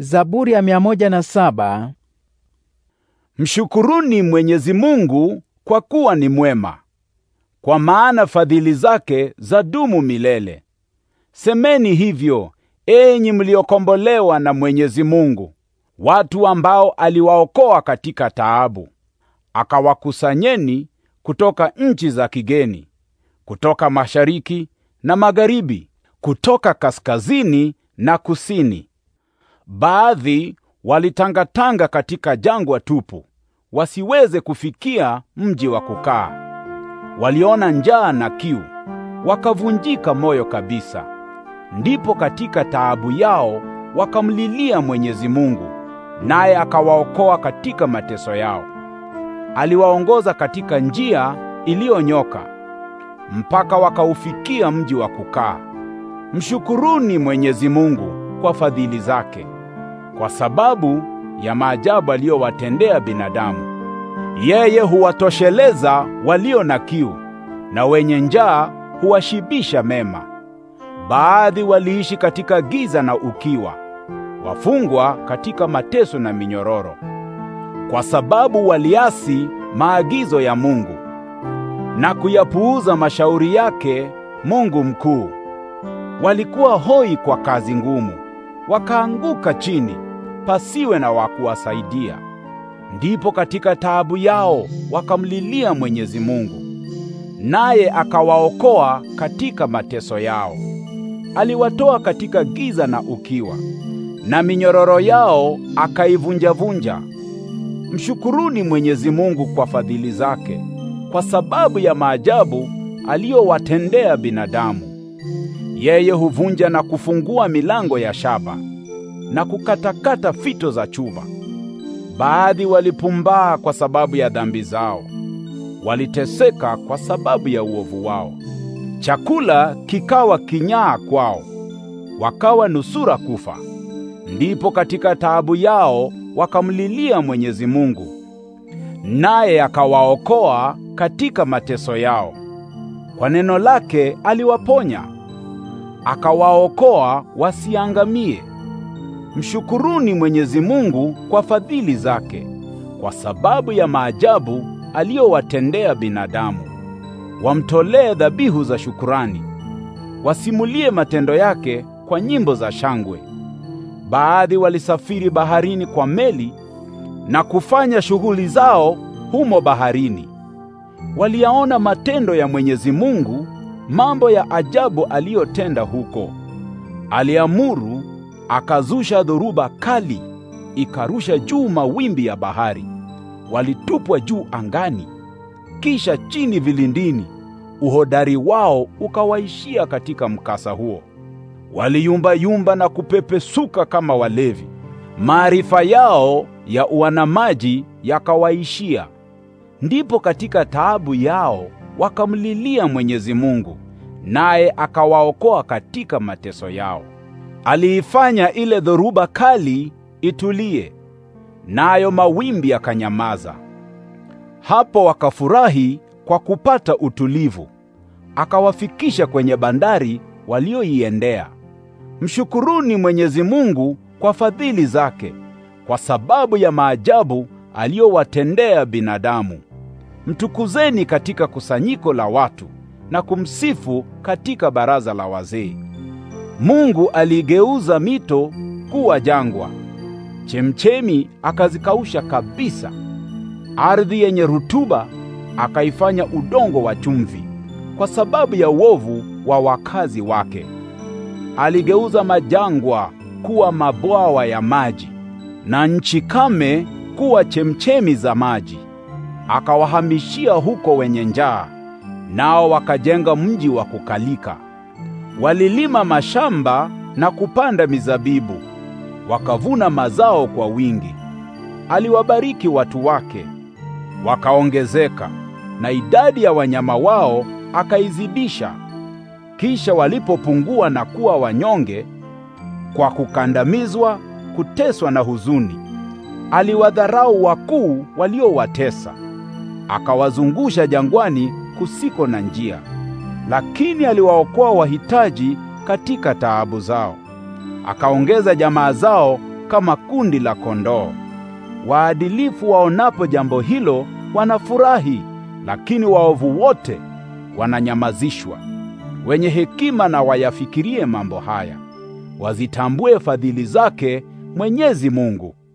Zaburi ya mia moja na saba. Mshukuruni Mwenyezi Mungu kwa kuwa ni mwema, kwa maana fadhili zake zadumu milele. Semeni hivyo enyi mliokombolewa na Mwenyezi Mungu, watu ambao aliwaokoa katika taabu. Akawakusanyeni kutoka nchi za kigeni, kutoka mashariki na magharibi, kutoka kaskazini na kusini baadhi walitangatanga katika jangwa tupu, wasiweze kufikia mji wa kukaa. Waliona njaa na kiu, wakavunjika moyo kabisa. Ndipo katika taabu yao wakamlilia Mwenyezi Mungu, naye akawaokoa katika mateso yao. Aliwaongoza katika njia iliyonyoka mpaka wakaufikia mji wa kukaa. Mshukuruni Mwenyezi Mungu kwa fadhili zake kwa sababu ya maajabu aliyowatendea binadamu. Yeye huwatosheleza walio na kiu, na wenye njaa huwashibisha mema. Baadhi waliishi katika giza na ukiwa, wafungwa katika mateso na minyororo, kwa sababu waliasi maagizo ya Mungu na kuyapuuza mashauri yake Mungu mkuu. Walikuwa hoi kwa kazi ngumu, wakaanguka chini pasiwe na wa kuwasaidia. Ndipo katika taabu yao wakamlilia Mwenyezi Mungu, naye akawaokoa katika mateso yao. Aliwatoa katika giza na ukiwa, na minyororo yao akaivunja-vunja. Mshukuruni Mwenyezi Mungu kwa fadhili zake, kwa sababu ya maajabu aliyowatendea binadamu. Yeye huvunja na kufungua milango ya shaba na kukatakata fito za chuma. Baadhi walipumbaa kwa sababu ya dhambi zao, waliteseka kwa sababu ya uovu wao. Chakula kikawa kinyaa kwao, wakawa nusura kufa. Ndipo katika taabu yao wakamlilia Mwenyezi Mungu, naye akawaokoa katika mateso yao. Kwa neno lake aliwaponya, akawaokoa wasiangamie. Mshukuruni Mwenyezi Mungu kwa fadhili zake, kwa sababu ya maajabu aliyowatendea binadamu. Wamtolee dhabihu za shukurani, wasimulie matendo yake kwa nyimbo za shangwe. Baadhi walisafiri baharini kwa meli na kufanya shughuli zao humo baharini. Waliyaona matendo ya Mwenyezi Mungu, mambo ya ajabu aliyotenda huko. Aliamuru Akazusha dhoruba kali, ikarusha juu mawimbi ya bahari. Walitupwa juu angani, kisha chini vilindini. Uhodari wao ukawaishia katika mkasa huo. Waliyumbayumba na kupepesuka kama walevi. Maarifa yao ya uanamaji yakawaishia. Ndipo katika taabu yao wakamlilia Mwenyezi Mungu, naye akawaokoa katika mateso yao aliifanya ile dhoruba kali itulie, nayo na mawimbi yakanyamaza. Hapo wakafurahi kwa kupata utulivu. Akawafikisha kwenye bandari walioiendea. Mshukuruni Mwenyezi Mungu kwa fadhili zake, kwa sababu ya maajabu aliyowatendea binadamu. Mtukuzeni katika kusanyiko la watu na kumsifu katika baraza la wazee. Mungu aligeuza mito kuwa jangwa, chemchemi akazikausha kabisa, ardhi yenye rutuba akaifanya udongo wa chumvi, kwa sababu ya uovu wa wakazi wake. Aligeuza majangwa kuwa mabwawa ya maji na nchi kame kuwa chemchemi za maji. Akawahamishia huko wenye njaa, nao wakajenga mji wa kukalika walilima mashamba na kupanda mizabibu, wakavuna mazao kwa wingi. Aliwabariki watu wake, wakaongezeka, na idadi ya wanyama wao akaizidisha. Kisha walipopungua na kuwa wanyonge kwa kukandamizwa, kuteswa na huzuni, aliwadharau wakuu waliowatesa, akawazungusha jangwani kusiko na njia lakini aliwaokoa wahitaji katika taabu zao. Akaongeza jamaa zao kama kundi la kondoo. Waadilifu waonapo jambo hilo wanafurahi, lakini waovu wote wananyamazishwa. Wenye hekima na wayafikirie mambo haya, wazitambue fadhili zake Mwenyezi Mungu.